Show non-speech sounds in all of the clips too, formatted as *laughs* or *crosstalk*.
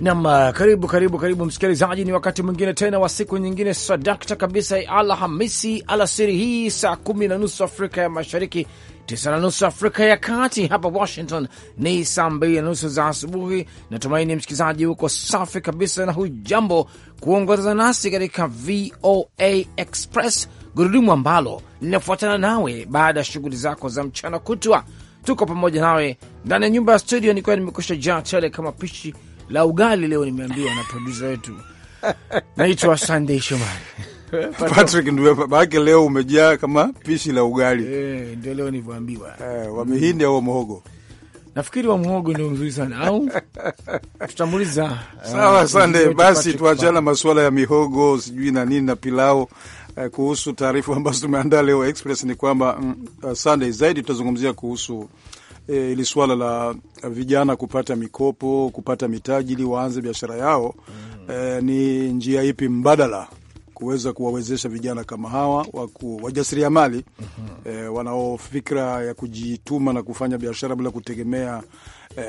Nam, ah, karibu karibu karibu msikilizaji, ni wakati mwingine tena wa siku nyingine sadakta kabisa Alhamisi alasiri hii saa kumi na nusu Afrika ya Mashariki, tisa na nusu Afrika ya Kati. Hapa Washington ni saa mbili na nusu za asubuhi. Natumaini msikilizaji huko safi kabisa na hujambo kuongoza nasi katika VOA Express, gurudumu ambalo linafuatana nawe baada ya shughuli zako za mchana kutwa. Tuko pamoja nawe ndani ya nyumba ya studio, nikiwa nimekusha jaa tele kama pishi la ugali leo nimeambiwa na produsa wetu naitwa Sunday Shomari *laughs* Patrick maake leo umejaa kama pishi la ugali e, ndio leo nilivyoambiwa e, wamehindi mm. au wamhogo nafikiri wa mhogo ndio mzuri sana au tutamuliza. Eh, Sawa, sande Basi tuachana masuala ya mihogo sijui na nini na pilau. Uh, kuhusu taarifa ambazo tumeandaa leo Express ni kwamba uh, mm, sande zaidi tutazungumzia kuhusu E, ili suala la vijana kupata mikopo, kupata mitaji ili waanze biashara yao mm. E, ni njia ipi mbadala kuweza kuwawezesha vijana kama hawa waku, wajasiriamali mm -hmm. E, wanaofikra ya kujituma na kufanya biashara bila kutegemea e,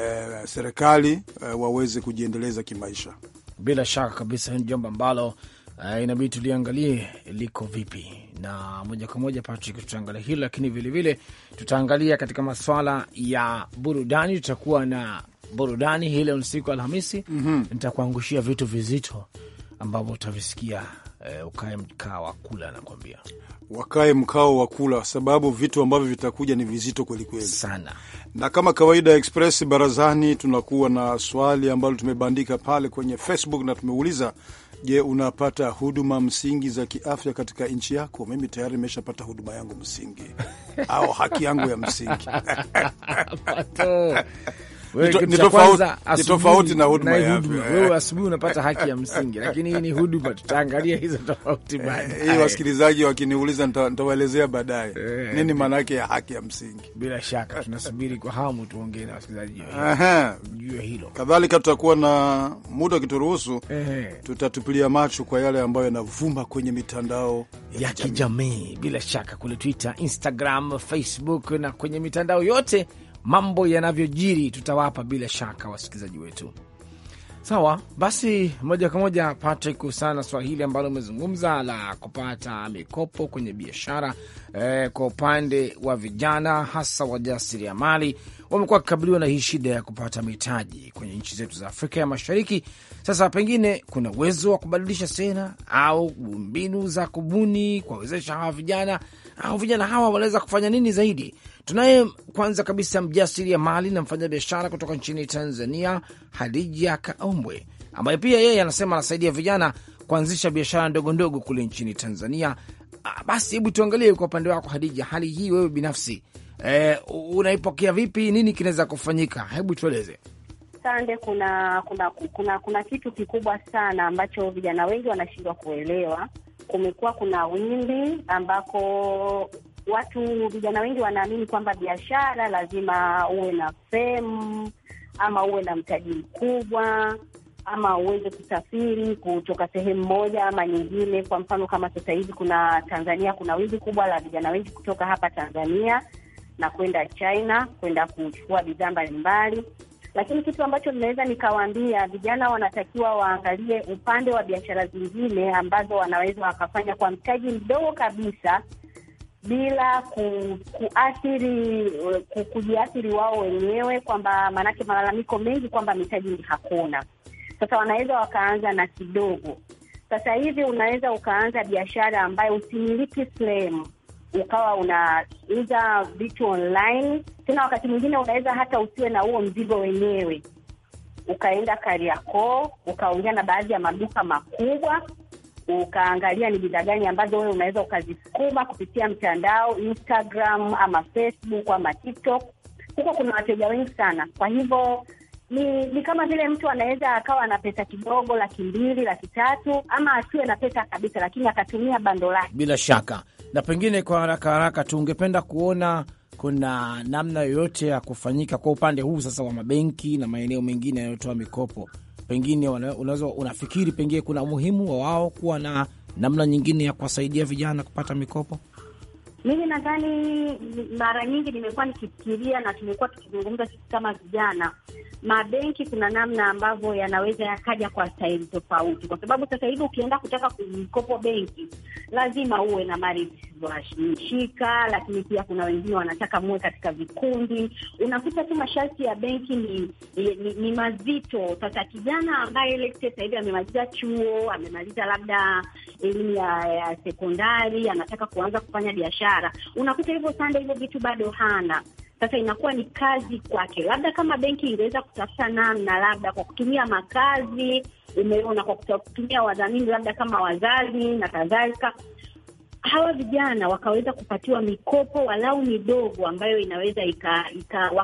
serikali e, waweze kujiendeleza kimaisha. Bila shaka kabisa, hii ni jambo ambalo uh, inabidi tuliangalie liko vipi, na moja kwa moja Patrick, tutaangalia hilo, lakini vilevile tutaangalia katika maswala ya burudani. Tutakuwa na burudani hii leo siku Alhamisi. mm -hmm. Nitakuangushia vitu vizito ambavyo utavisikia eh, ukae mkaa wa kula, nakwambia wakae mkao wa kula, sababu vitu ambavyo vitakuja ni vizito kwelikweli sana. Na kama kawaida, Express Barazani, tunakuwa na swali ambalo tumebandika pale kwenye Facebook na tumeuliza Je, unapata huduma msingi za kiafya katika nchi yako? Mimi tayari nimeshapata huduma yangu msingi *laughs* au haki yangu ya msingi ni tofauti na huduma ya Wewe asubuhi unapata haki ya msingi, lakini hii ni huduma. Tutaangalia hizo tofauti eh, baadaye. Hii wasikilizaji wakiniuliza, nitawaelezea baadaye eh, nini eh. maana yake ya haki ya msingi. Bila shaka tunasubiri kwa hamu, tuongee na wasikilizaji juu hilo. Kadhalika tutakuwa na muda kituruhusu tutatupilia macho kwa yale ambayo yanavuma kwenye mitandao ya kijamii, bila shaka kule Twitter, Instagram, Facebook na kwenye mitandao yote mambo yanavyojiri, tutawapa bila shaka wasikilizaji wetu. Sawa basi, moja kwa moja Patrick, kuhusiana na swala hili ambalo umezungumza la kupata mikopo kwenye biashara eh, kwa upande wa vijana hasa wajasiriamali wamekuwa wakikabiliwa na hii shida ya kupata mitaji kwenye nchi zetu za Afrika ya Mashariki. Sasa pengine kuna uwezo wa kubadilisha sera au mbinu za kubuni kuwawezesha hawa vijana au vijana hawa wanaweza kufanya nini zaidi Tunaye kwanza kabisa mali na mfanyabiashara kutoka nchini Tanzania, Hadija Kaombwe, ambaye pia yeye anasema anasaidia vijana kuanzisha biashara ndogo ndogo kule nchini Tanzania. Ah, basi hebu tuangalie kwa upande wako Hadija, hali hii wewe binafsi e, unaipokea vipi? Nini kinaweza kufanyika? Hebu tueleze. Sande, kuna kuna kuna kuna kitu kikubwa sana ambacho vijana wengi wanashindwa kuelewa. Kumekuwa kuna wimbi ambako watu vijana wengi wanaamini kwamba biashara lazima uwe na fem ama uwe na mtaji mkubwa ama uweze kusafiri kutoka sehemu moja ama nyingine. Kwa mfano kama sasa hivi kuna Tanzania, kuna wingi kubwa la vijana wengi kutoka hapa Tanzania na kwenda China kwenda kuchukua bidhaa mbalimbali, lakini kitu ambacho ninaweza nikawaambia vijana, wanatakiwa waangalie upande wa biashara zingine ambazo wanaweza wakafanya kwa mtaji mdogo kabisa bila ku, kuathiri ku, kujiathiri wao wenyewe, kwamba maanake malalamiko mengi kwamba mitaji ni hakuna. Sasa wanaweza wakaanza na kidogo. Sasa hivi unaweza ukaanza biashara ambayo usimiliki sehemu, ukawa unauza vitu online. Tena wakati mwingine unaweza hata usiwe na huo mzigo wenyewe, ukaenda Kariakoo ukaongea na baadhi ya maduka makubwa ukaangalia ni bidhaa gani ambazo wewe unaweza ukazisukuma kupitia mtandao Instagram ama Facebook ama TikTok. Huko kuna wateja wengi sana, kwa hivyo ni, ni kama vile mtu anaweza akawa na pesa kidogo, laki mbili, laki tatu, ama asiwe na pesa kabisa, lakini akatumia bando lake. Bila shaka, na pengine kwa haraka haraka tu, ungependa kuona kuna namna yoyote ya kufanyika kwa upande huu sasa wa mabenki na maeneo mengine yanayotoa mikopo pengine unaweza unafikiri pengine kuna umuhimu wa wao kuwa na namna nyingine ya kuwasaidia vijana kupata mikopo? Mimi nadhani mara nyingi nimekuwa nikifikiria na tumekuwa tukizungumza sisi kama vijana, mabenki kuna namna ambavyo yanaweza yakaja kwa staili tofauti, kwa sababu sasa hivi ukienda kutaka kumkopo benki lazima uwe na mali zisizoshika, lakini pia kuna wengine wanataka muwe katika vikundi. Unakuta tu masharti ya benki ni, ni, ni, ni mazito. Sasa kijana ambaye sasa hivi amemaliza chuo, amemaliza labda elimu ya, ya sekondari, anataka kuanza kufanya biashara biashara, unakuta hivyo sanda, hivyo vitu bado hana. Sasa inakuwa ni kazi kwake, labda kama benki ingeweza kutafuta namna, labda kwa kutumia makazi, umeona, kwa kutumia wadhamini, labda kama wazazi na kadhalika hawa vijana wakaweza kupatiwa mikopo walau midogo ambayo inaweza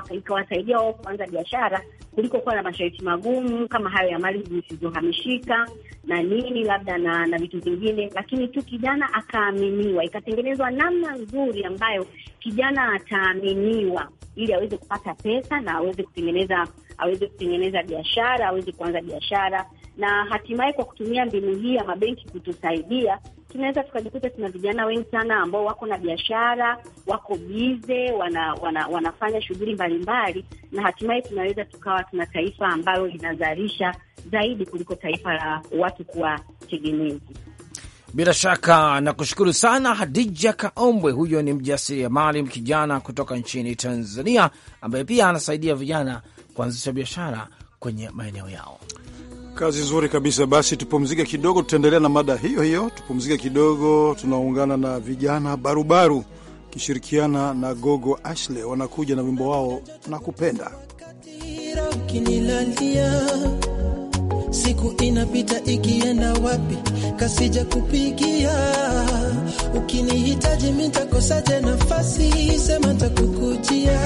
ikawasaidia wao kuanza biashara kuliko kuwa na masharti magumu kama hayo ya mali zisizohamishika na nini labda na na vitu vingine, lakini tu kijana akaaminiwa, ikatengenezwa namna nzuri ambayo kijana ataaminiwa ili aweze kupata pesa na aweze kutengeneza aweze kutengeneza biashara aweze kuanza biashara na hatimaye kwa kutumia mbinu hii ya mabenki kutusaidia, tunaweza tukajikuta tuna vijana wengi sana ambao wako na biashara, wako bize, wana, wana, wanafanya shughuli mbalimbali, na hatimaye tunaweza tukawa tuna taifa ambalo linazalisha zaidi kuliko taifa la watu kuwa tegemezi. Bila shaka nakushukuru sana Hadija Kaombwe. Huyo ni mjasiriamali kijana kutoka nchini Tanzania ambaye pia anasaidia vijana kuanzisha biashara kwenye maeneo yao. Kazi nzuri kabisa. Basi tupumzike kidogo, tutaendelea na mada hiyo hiyo. Tupumzike kidogo, tunaungana na vijana barubaru kishirikiana na Gogo Ashley, wanakuja na wimbo wao na kupenda ukinilalia siku inapita ikienda wapi, kasija kupigia ukinihitaji mitakosaje nafasi, sema takukujia.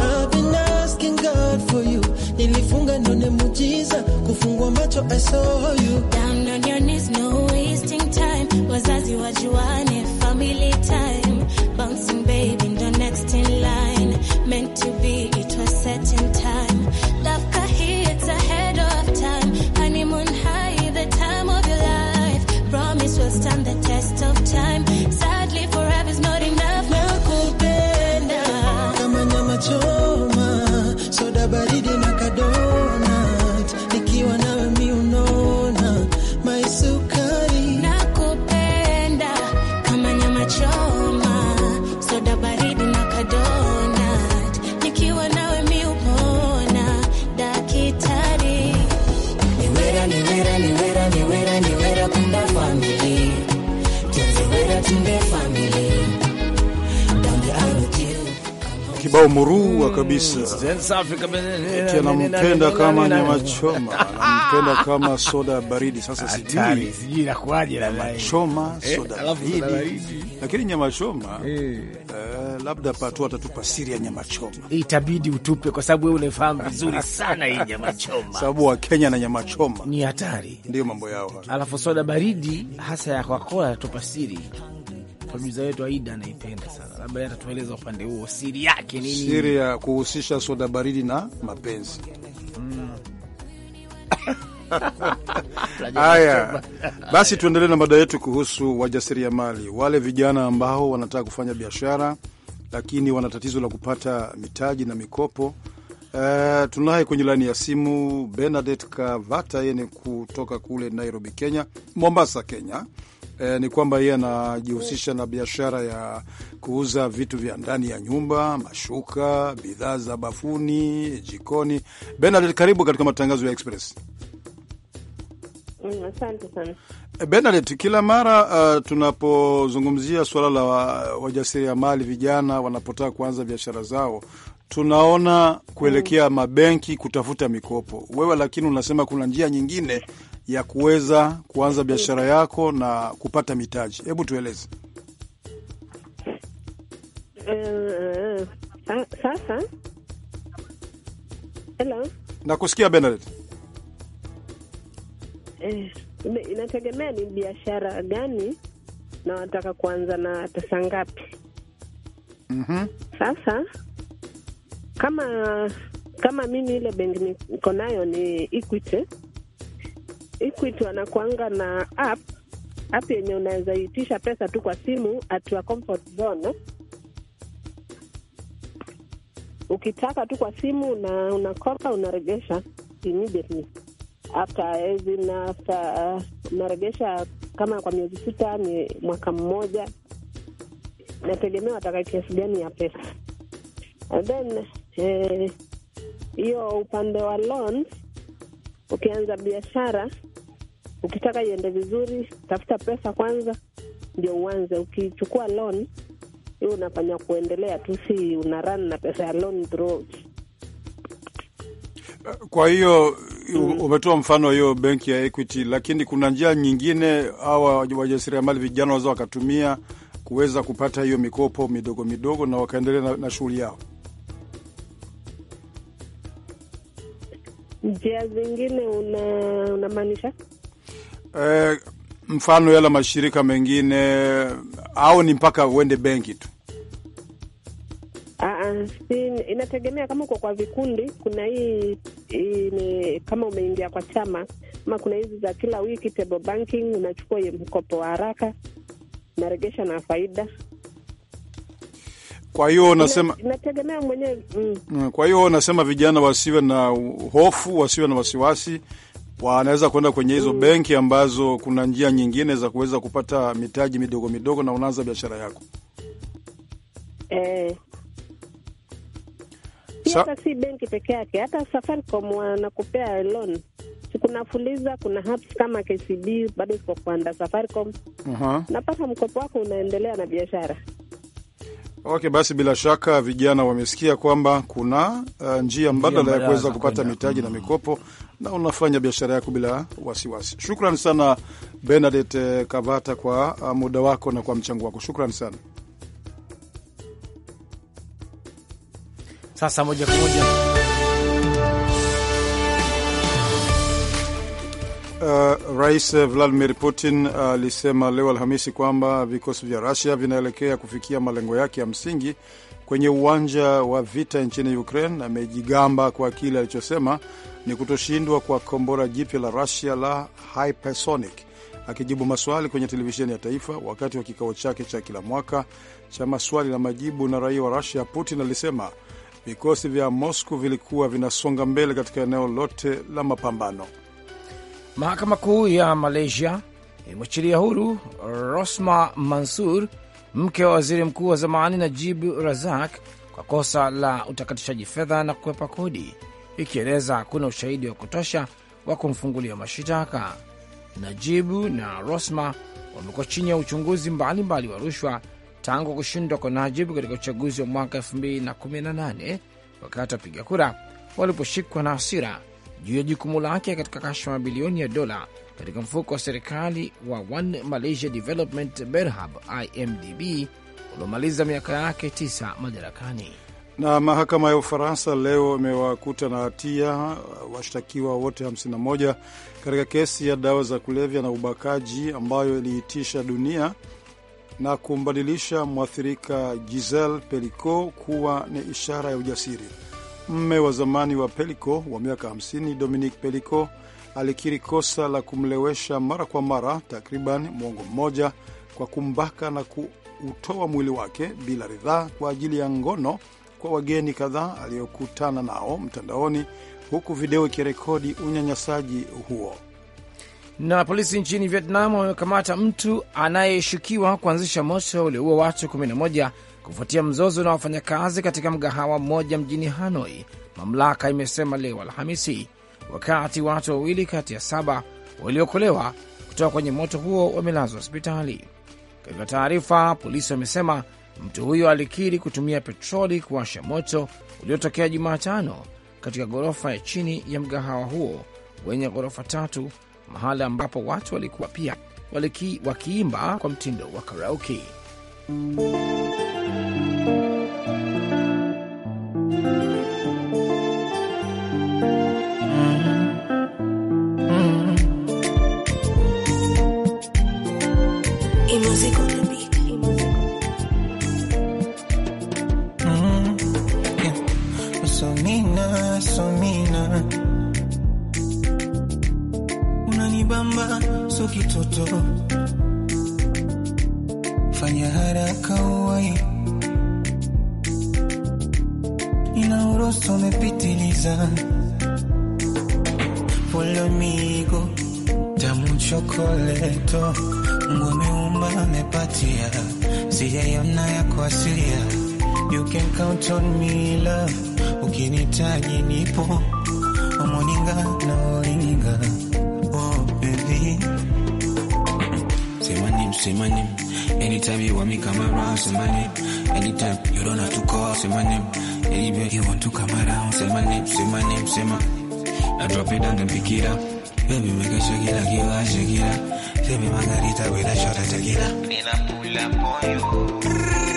I've been asking God for you nilifunga none mujiza kufungua macho I saw you down on your knees no wasting time wazazi wajuane family time bouncing baby ndo next in line meant to be it was certain time kibao murua kabisa, anampenda kama nyama choma, anampenda *laughs* kama soda baridi. Sasa sijui sijui inakuaje na choma eh, soda baridi, lakini nyama choma eh. Eh, labda patu atatupa siri ya nyama choma, itabidi utupe, kwa sababu wewe unaifahamu vizuri *laughs* sana hii nyama choma, sababu wa Kenya na nyama choma ni hatari, ndio mambo yao. Alafu soda baridi hasa ya Coca-Cola atatupa siri produsa yetu Aida anaipenda sana, labda atatueleza upande huo, siri yake nini? Siri ya kuhusisha soda baridi na mapenzi Haya *laughs* basi, tuendelee na mada yetu kuhusu wajasiriamali, wale vijana ambao wanataka kufanya biashara lakini wana tatizo la kupata mitaji na mikopo Uh, tunaye kwenye laini ya simu Benadet Kavata, yeye ni kutoka kule Nairobi, Kenya, Mombasa, Kenya. Uh, ni kwamba yeye anajihusisha na biashara ya kuuza vitu vya ndani ya nyumba, mashuka, bidhaa za bafuni, jikoni. Benadet, karibu katika matangazo ya Express. Mm, eh, Benadet, kila mara uh, tunapozungumzia suala la wajasiriamali vijana wanapotaka kuanza biashara zao tunaona kuelekea mabenki kutafuta mikopo. Wewe lakini unasema kuna njia nyingine ya kuweza kuanza biashara yako na kupata mitaji. Hebu tueleze. Uh, sasa hello, nakusikia Benadet. Eh, inategemea ni biashara gani na wataka kuanza na pesa ngapi? mm -hmm. Sasa kama kama mimi ile benki niko nayo ni Equity. Equity wanakuanga na app app yenye unaweza itisha pesa tu kwa simu at your comfort zone. Ukitaka tu kwa simu na unakopa unaregesha immediately after as after unaregesha kama kwa miezi sita ni mwaka mmoja, nategemea wataka kiasi gani ya pesa and then hiyo eh, upande wa loan, ukianza biashara ukitaka iende vizuri, tafuta pesa kwanza ndio uanze. Ukichukua loan hiyo unafanya kuendelea tu, si una run na pesa ya loan throughout. Kwa hiyo mm, umetoa mfano hiyo benki ya Equity, lakini kuna njia nyingine hawa wajasiriamali vijana waweza wakatumia kuweza kupata hiyo mikopo midogo midogo na wakaendelea na, na shughuli yao. njia zingine unamaanisha? Una eh, mfano yala mashirika mengine au ni mpaka uende benki tu? Ah, ah, si, inategemea kama uko kwa vikundi. Kuna hii, hii ni, kama umeingia kwa chama ama kuna hizi za kila wiki table banking, unachukua mkopo wa haraka, unaregesha na faida. Kwa hiyo unasema nategemea mwenyewe mm. mm. Kwa hiyo unasema vijana wasiwe na hofu, wasiwe na wasiwasi, wanaweza kwenda kwenye hizo mm. benki ambazo kuna njia nyingine za kuweza kupata mitaji midogo midogo, na unaanza biashara yako eh. Sa si benki peke yake, hata Safaricom wanakupea loan kuna Fuliza, kuna apps kama KCB bado ziko kuanda Safaricom. uh -huh. Napata mkopo wako, unaendelea na biashara. Okay, basi bila shaka vijana wamesikia kwamba kuna uh, njia mbadala ya kuweza kupata mitaji na mm. mikopo na unafanya biashara yako bila wasiwasi. Shukran sana benadet eh, Kavata kwa uh, muda wako na kwa mchango wako, shukran sana. Sasa moja kwa moja Uh, Rais Vladimir Putin alisema uh, leo Alhamisi kwamba vikosi vya Russia vinaelekea kufikia malengo yake ya msingi kwenye uwanja wa vita nchini Ukraine. Amejigamba kwa kile alichosema ni kutoshindwa kwa kombora jipya la Russia la hypersonic. Akijibu maswali kwenye televisheni ya taifa wakati wa kikao chake cha kila mwaka cha maswali na majibu na raia wa Russia, Putin alisema vikosi vya Moscow vilikuwa vinasonga mbele katika eneo lote la mapambano. Mahakama Kuu ya Malaysia imemwachilia huru Rosma Mansur, mke wa waziri mkuu wa zamani Najibu Razak, kwa kosa la utakatishaji fedha na kukwepa kodi, ikieleza hakuna ushahidi wa kutosha wa kumfungulia mashitaka. Najibu na Rosma wamekuwa chini ya uchunguzi mbalimbali wa rushwa tangu kushindwa kwa Najibu katika uchaguzi wa mwaka 2018 wakati wapiga kura waliposhikwa na hasira juu ya jukumu lake katika kashfa mabilioni ya dola katika mfuko wa serikali wa One Malaysia Development Berhad IMDB uliomaliza miaka yake tisa madarakani. Na mahakama ya Ufaransa leo imewakuta na hatia uh, washtakiwa wote 51 katika kesi ya dawa za kulevya na ubakaji ambayo iliitisha dunia na kumbadilisha mwathirika Giselle Pelicot kuwa ni ishara ya ujasiri. Mme wa zamani wa pelico wa miaka 50 Dominique pelico alikiri kosa la kumlewesha mara kwa mara takriban mwongo mmoja kwa kumbaka na kuutoa mwili wake bila ridhaa kwa ajili ya ngono kwa wageni kadhaa aliyokutana nao mtandaoni, huku video ikirekodi unyanyasaji huo. Na polisi nchini Vietnam wamekamata mtu anayeshukiwa kuanzisha moto ulioua watu 11 kufuatia mzozo na wafanyakazi katika mgahawa mmoja mjini Hanoi, mamlaka imesema leo Alhamisi, wakati watu wawili kati ya saba waliokolewa kutoka kwenye moto huo wamelazwa hospitali. Katika taarifa, polisi wamesema mtu huyo alikiri kutumia petroli kuwasha moto uliotokea Jumatano katika ghorofa ya chini ya mgahawa huo wenye ghorofa tatu, mahala ambapo watu walikuwa pia waliki, wakiimba kwa mtindo wa karaoke. somina unanibamba so kitoto fanya haraka uwai inaoroso mepitiliza polomigo tamu chokoleto mgomeumba mepatia sijaiona ya kuasilia you can count on me love ukinitaji nipo Omoninga na olinga oh baby say my name say my name anytime you want me come around say my name anytime you don't have to call say my name anywhere you want to come around say my name say my name say my I drop it down and pick it up baby make it shake it like you like shake it up say me margarita with a shot of tequila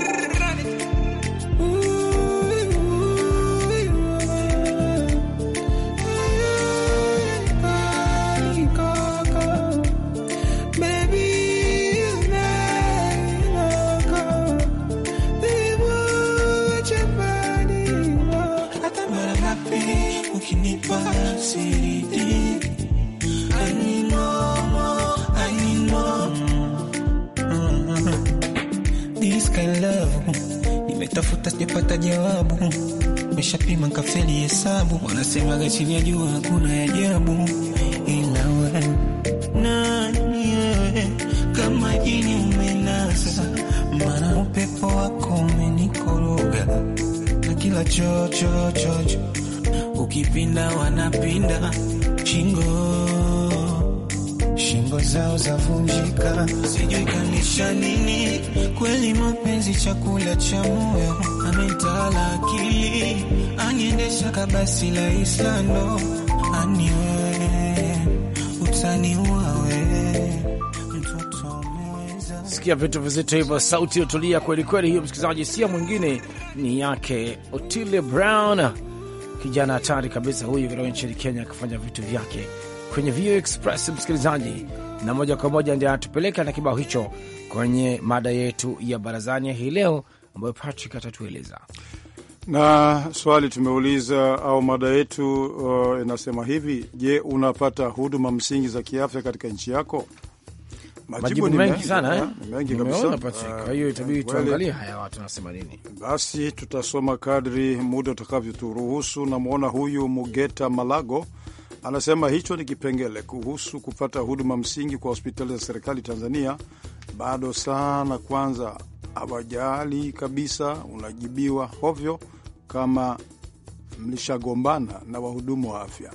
zavunjika, sijui kanisha nini kweli. Mapenzi chakula cha moyo, ametala akili, aniendesha kabasi la aniwe Sikia vitu vizito hivyo, sauti otulia kweli kweli. Hiyo msikilizaji, sia mwingine ni yake Otile Brown, kijana hatari kabisa huyu kutoka nchini Kenya, akifanya vitu vyake kwenye VOA Express. Msikilizaji, na moja kwa moja ndio anatupeleka na kibao hicho kwenye mada yetu ya barazani hii leo, ambayo Patrick atatueleza na swali tumeuliza au mada yetu uh, inasema hivi: Je, unapata huduma msingi za kiafya katika nchi yako? Majibu ni mengi sana, eh? mengi kabisa. Ah, hiyo itabidi tuangalie haya watu nini. Basi tutasoma kadri muda utakavyoturuhusu. Namwona huyu Mugeta Malago Anasema hicho ni kipengele kuhusu kupata huduma msingi kwa hospitali za serikali Tanzania bado sana, kwanza hawajali kabisa, unajibiwa hovyo kama mlishagombana na wahudumu wa afya.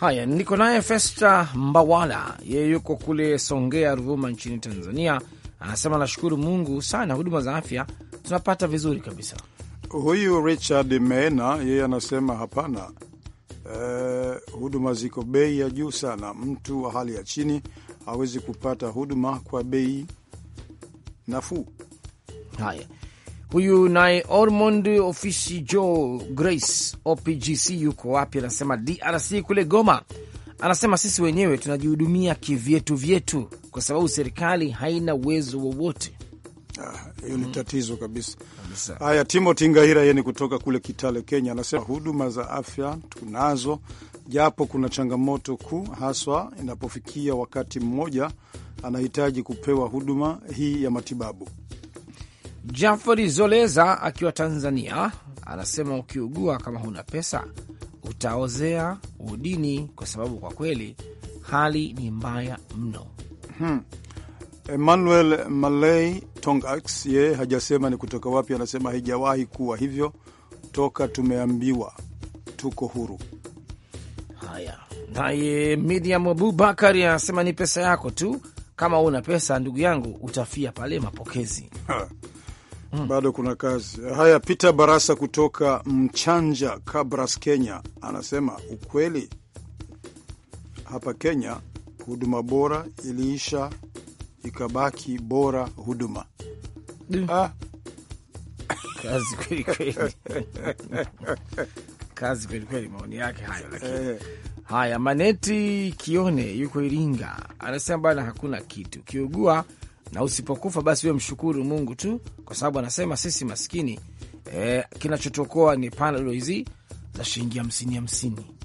Haya, niko naye Festa Mbawala, yeye yuko kule Songea, Ruvuma nchini Tanzania. Anasema nashukuru Mungu sana, huduma za afya tunapata vizuri kabisa. Huyu Richard Meena yeye anasema hapana, Eh, huduma ziko bei ya juu sana. Mtu wa hali ya chini hawezi kupata huduma kwa bei nafuu. Haya, huyu naye Ormond ofisi Joe Grace OPGC yuko wapi? Anasema DRC kule Goma, anasema sisi wenyewe tunajihudumia kivyetu vyetu kwa sababu serikali haina uwezo wowote. Ah, hiyo ah, ni mm, tatizo kabisa kabisa. Haya, Timothy Ngahira yeye ni kutoka kule Kitale, Kenya, anasema huduma za afya tunazo, japo kuna changamoto kuu, haswa inapofikia wakati mmoja anahitaji kupewa huduma hii ya matibabu. Jafari Zoleza akiwa Tanzania anasema ukiugua kama huna pesa utaozea udini, kwa sababu kwa kweli hali ni mbaya mno. Hmm. Emmanuel Malay Tongax yeye hajasema ni kutoka wapi, anasema haijawahi kuwa hivyo toka tumeambiwa tuko huru. Haya, naye Midiam Abubakar anasema ni pesa yako tu, kama una pesa ndugu yangu utafia pale mapokezi ha. Hmm. Bado kuna kazi. Haya, Peter Barasa kutoka Mchanja, Kabras, Kenya anasema ukweli hapa Kenya huduma bora iliisha ikabaki bora huduma mm. ah. kazi kweli kweli, kazi kweli kweli. Maoni yake hayo, lakini eh. haya. Maneti Kione yuko Iringa, anasema bana hakuna kitu kiugua na usipokufa basi we mshukuru Mungu tu, kwa sababu anasema sisi maskini eh, kinachotokoa ni panalo hizi za shilingi hamsini hamsini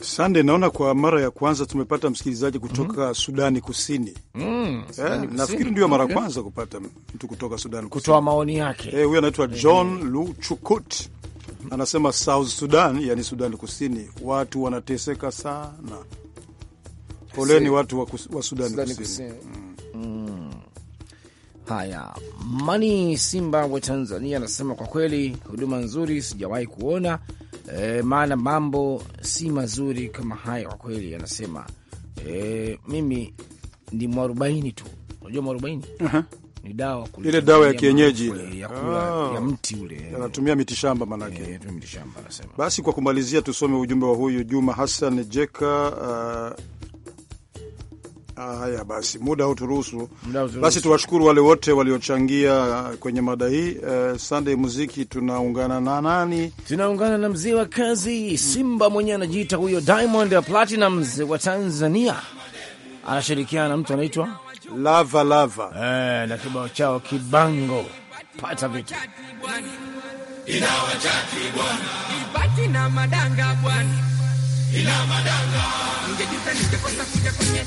Sande, naona kwa mara ya kwanza tumepata msikilizaji kutoka mm -hmm. Sudani Kusini. Mm, yeah, nafikiri ndio mara ya okay. kwanza kupata mtu kutoka sudankutoa Kusini kutoa maoni yake. Eh, huyu huyo anaitwa eh. John mm -hmm. Luchukut anasema South Sudan, yani Sudani Kusini, watu wanateseka sana. Poleni watu wa, wa Sudani Kusini, Kusini. Mm. Mm. Haya, Mani Simba wa Tanzania anasema kwa kweli huduma nzuri sijawahi kuona e, maana mambo si mazuri kama haya kwa kweli. Anasema e, mimi ni mwarobaini tu, unajua mwarobaini uh -huh. Ni dawa kule, ile dawa ya kienyeji ile ya, ya ah. mti ule anatumia mitishamba manake, e, anasema. Basi kwa kumalizia, tusome ujumbe wa huyu Juma Hassan Jeka uh, Haya basi, muda hauturuhusu, basi tuwashukuru wale wote waliochangia uh, kwenye mada hii. Uh, Sunday muziki tunaungana na nani? Tunaungana na mzee wa kazi Simba mwenyewe anajiita huyo Diamond Platinumz wa Tanzania, anashirikiana na mtu anaitwa Lava Lava eh, na kibao chao kibango pata vitu inawachati bwana ibati na madanga bwana ila madanga ningejuta ningekosa kuja kwenye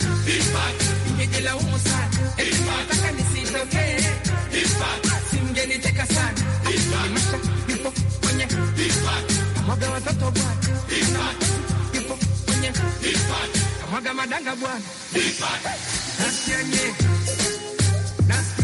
ningejelaumu sana taka nisitokee singeniteka sana nimesha nipo kwenye mwaga watoto bwana nipo kwenye mwaga madanga bwana nasianye nasi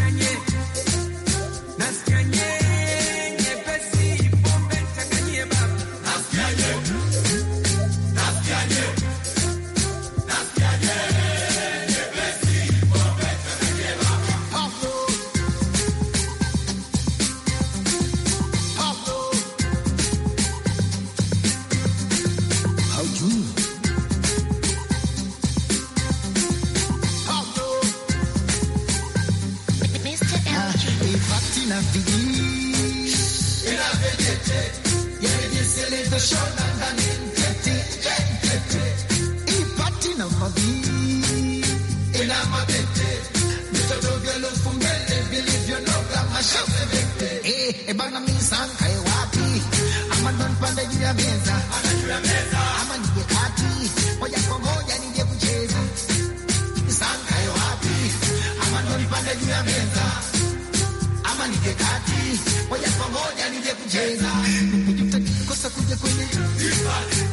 niingie kwenye,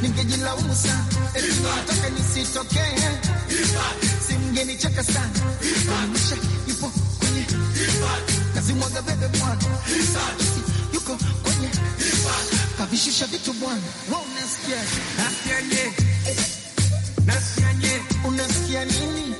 ningejilaumu sana, singenicheka sana, maisha kwenye, bebe bwana, yuko kwenye, kavishusha vitu bwana, unasikia nini?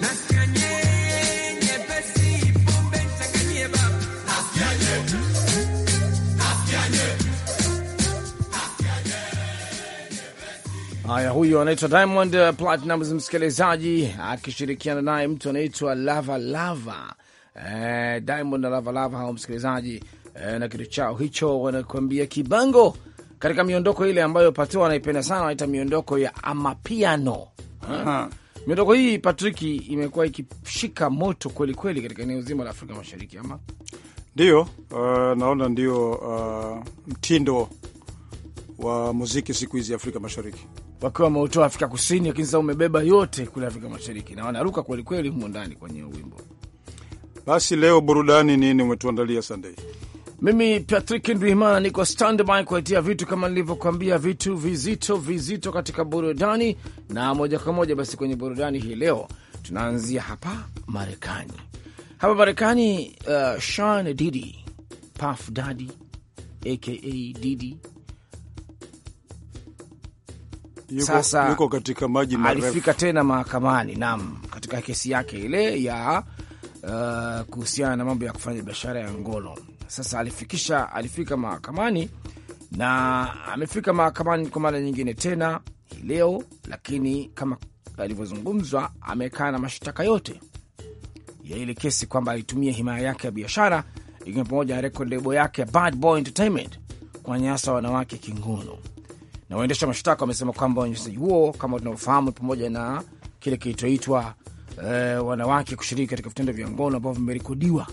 Haya, huyu anaitwa Diamond uh, Platnumz, msikilizaji, akishirikiana naye mtu anaitwa Lava Lava. E, Diamond na Lava Lava hao msikilizaji, e, na kitu chao hicho wanakuambia kibango katika miondoko ile ambayo Pato anaipenda sana, anaita miondoko ya amapiano. Eh, miondoko hii Patrick, imekuwa ikishika moto kweli kweli katika eneo zima la Afrika Mashariki, ama ndio? Uh, naona ndio uh, mtindo wa muziki siku hizi Afrika Mashariki wakiwa wameutoa Afrika Kusini, lakini sasa umebeba yote kule Afrika Mashariki na wanaruka kwelikweli humo ndani kwenye wimbo. Basi leo burudani nini umetuandalia Sunday? Mimi Patrick Ndwimana niko standby kuletia vitu kama nilivyokuambia, vitu vizito vizito katika burudani. Na moja kwa moja basi kwenye burudani hii leo tunaanzia hapa Marekani. Hapa Marekani, uh, Sean Diddy Puff Daddy aka Diddy yuko, sasa yuko katika maji marefu. Alifika tena mahakamani nam katika kesi yake ile ya uh, kuhusiana na mambo ya kufanya biashara ya ngono. Sasa alifikisha alifika mahakamani na amefika mahakamani kwa mara nyingine tena hii leo, lakini kama alivyozungumzwa, amekaa na mashtaka yote ya ile kesi kwamba alitumia himaya yake ya biashara ikiwa pamoja na record label yake Bad Boy Entertainment kwa nyasa wanawake kingono na waendesha mashtaka wamesema kwamba unyanyasaji huo kama tunavyofahamu, pamoja na kile kilichoitwa e, wanawake kushiriki katika vitendo vya ngono ambavyo vimerekodiwa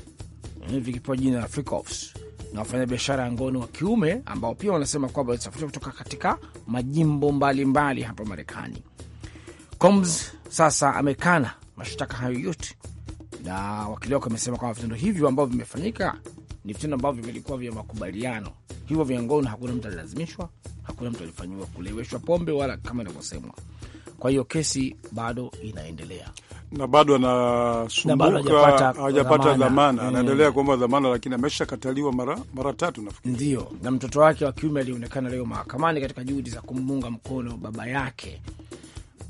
eh, vikipewa jina la freak-offs na wafanyabiashara ya ngono wa kiume ambao pia wanasema kwamba walisafirishwa kutoka katika majimbo mbalimbali mbali hapa Marekani. Combs sasa amekana mashtaka hayo yote, na wakili wake wamesema kwamba vitendo hivyo ambavyo vimefanyika ni vitendo ambavyo vilikuwa vya makubaliano, hivyo vya ngono. Hakuna mtu alilazimishwa, hakuna mtu alifanyiwa kuleweshwa pombe wala kama inavyosemwa. Kwa hiyo kesi bado inaendelea na bado anasumbuka, hajapata dhamana, mm. anaendelea kuomba dhamana, lakini ameshakataliwa mara mara tatu nafikiri. Ndio, na mtoto wake wa kiume alionekana leo mahakamani katika juhudi za kumunga mkono baba yake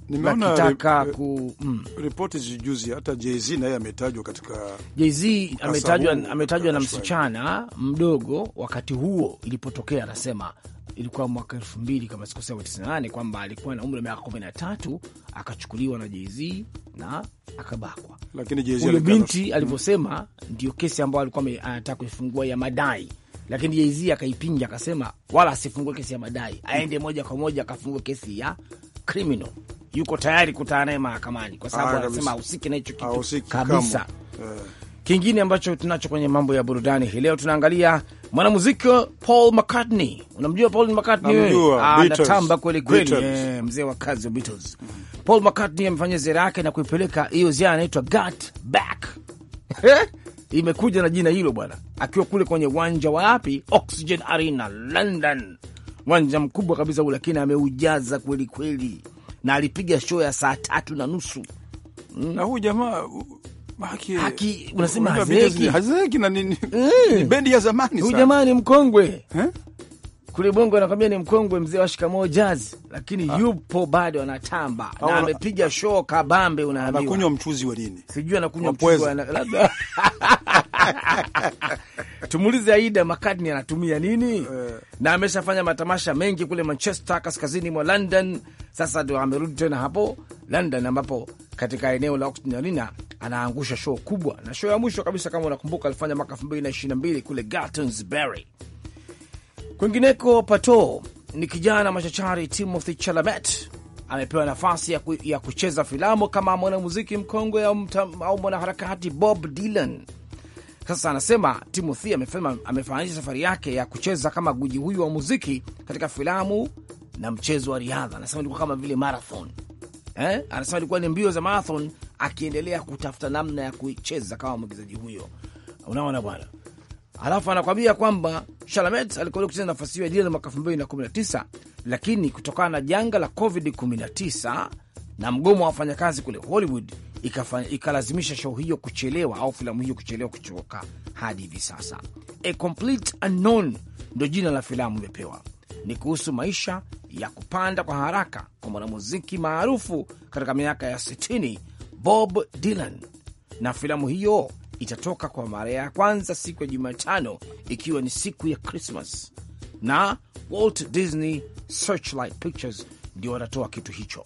nikitaka ku mm. ripoti zijuzi hata JZ naye ametajwa katika JZ ametajwa, ametajwa na msichana mdogo wakati huo ilipotokea, anasema ilikuwa mwaka elfu mbili kama sikosea, nane kwamba alikuwa na umri wa miaka tatu akachukuliwa na JZ na akabakwa. Lakini jay huyo binti alivyosema, mm. ndio kesi ambayo alikuwa anataka kuifungua ya madai lakini JZ akaipinga akasema, wala asifungue kesi ya madai, aende moja kwa moja akafungue kesi ya criminal yuko tayari kutana naye mahakamani kwa sababu ah, anasema ahusiki na hicho kitu kabisa. Eh. Kingine ambacho tunacho kwenye mambo ya burudani hii leo tunaangalia mwanamuziki Paul McCartney. Unamjua Paul McCartney? Ah, anatamba kweli kweli, eh, mzee wa kazi wa Beatles. Paul McCartney amefanya ziara yake na kuipeleka hiyo ziara inaitwa Got Back *laughs* imekuja na jina hilo bwana, akiwa kule kwenye uwanja wa wapi, Oxygen Arena London, uwanja mkubwa kabisa ule, lakini ameujaza kweli kweli na alipiga show ya saa tatu na nusu mm. na huyu jamaa haki, haki unasema hazeki, hazeki na nini? Mm. Eh. ni bendi ya zamani sana. Huyu jamaa ni mkongwe eh? kule Bongo anakwambia ni mkongwe mzee wa shikamoo jazz, lakini ha, ah. yupo bado anatamba na amepiga show kabambe. Unaambiwa anakunywa mchuzi wa nini? Sijui anakunywa mchuzi wa labda *laughs* tumulize Aida Makadni anatumia nini? Uh, na ameshafanya matamasha mengi kule Manchester, kaskazini mwa London. Sasa ndo amerudi tena hapo London, ambapo katika eneo la Oxford Arena anaangusha show kubwa, na show ya mwisho kabisa kama unakumbuka alifanya mwaka 2022 kule Glastonbury. Kwingineko, Pato ni kijana machachari Timothy Chalamet amepewa nafasi ya, ku, ya kucheza filamu kama mwanamuziki mkongwe au mwanaharakati Bob Dylan. Sasa anasema Timothy amefananisha safari yake ya kucheza kama guji huyu wa muziki katika filamu na mchezo wa riadha. Anasema ilikuwa kama vile marathon eh? Anasema ilikuwa ni mbio za marathon, akiendelea kutafuta namna ya kucheza kama mwigizaji huyo. Unaona bwana, Alafu anakwambia kwamba Shalamet alikuwa kucheza nafasi hiyo ya dira mwaka tisa lakini kutokana na janga la COVID-19 na mgomo wa wafanyakazi kule Hollywood ikalazimisha show hiyo kuchelewa au filamu hiyo kuchelewa kutoka hadi hivi sasa. A Complete Unknown ndo jina la filamu imepewa. Ni kuhusu maisha ya kupanda kwa haraka kwa mwanamuziki maarufu katika miaka ya 60 Bob Dylan, na filamu hiyo itatoka kwa mara ya kwanza siku ya Jumatano, ikiwa ni siku ya crismas na Walt Disney Searchlight Pictures ndio wanatoa kitu hicho.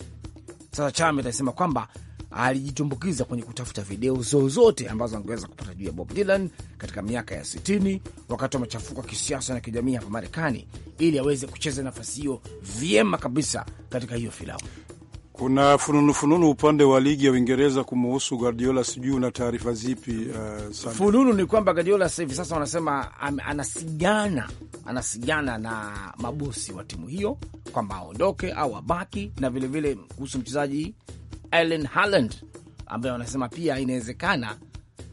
Sasa Chame anasema kwamba alijitumbukiza kwenye kutafuta video zozote ambazo angeweza kupata juu ya Bob Dylan katika miaka ya 60 wakati wa machafuko ya kisiasa na kijamii hapa Marekani, ili aweze kucheza nafasi hiyo vyema kabisa katika hiyo filamu. Kuna fununu fununu upande wa ligi ya Uingereza kumuhusu Guardiola, sijui una taarifa zipi? Uh, fununu ni kwamba Guardiola sasa hivi sasa wanasema anasigana, anasigana na mabosi wa timu hiyo kwamba aondoke au abaki, na vilevile kuhusu mchezaji Erling Haaland ambaye wanasema pia inawezekana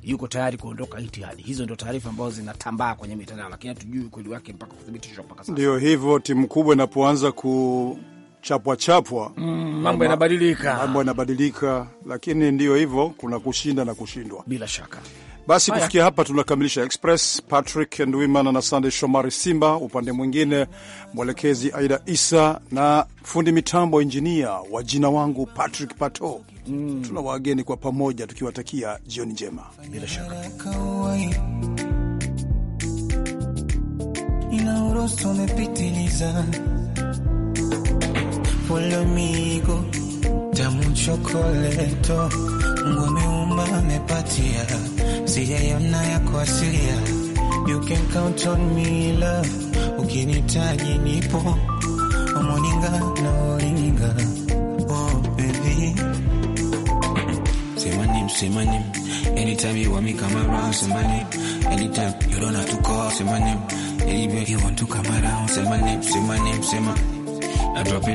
yuko tayari kuondoka Itihadi. Hizo ndio taarifa ambazo zinatambaa kwenye mitandao, lakini hatujui ukweli wake mpaka kuthibitishwa mpaka sasa. Ndio hivyo, timu kubwa inapoanza ku chapwa chapwa, mm, mambo yanabadilika, mambo yanabadilika, lakini ndiyo hivyo, kuna kushinda na kushindwa bila shaka. Basi Maya, kufikia hapa tunakamilisha Express. Patrick Ndwimana na Sandey Shomari Simba upande mwingine, mwelekezi Aida Isa na fundi mitambo injinia wa jina wangu Patrick Pato. Mm, tuna wageni kwa pamoja tukiwatakia jioni njema bila shaka polomigo tamu chokoleto Mungu ameumba amepatia, sijaiona yako asilia. You can count on me love, ukinitaji nipo omoninga naolinga oh baby semanim semanim anytime you want me come around semanim anytime you don't have to call semanim anywhere you want to come around semanim semanim semanim I drop it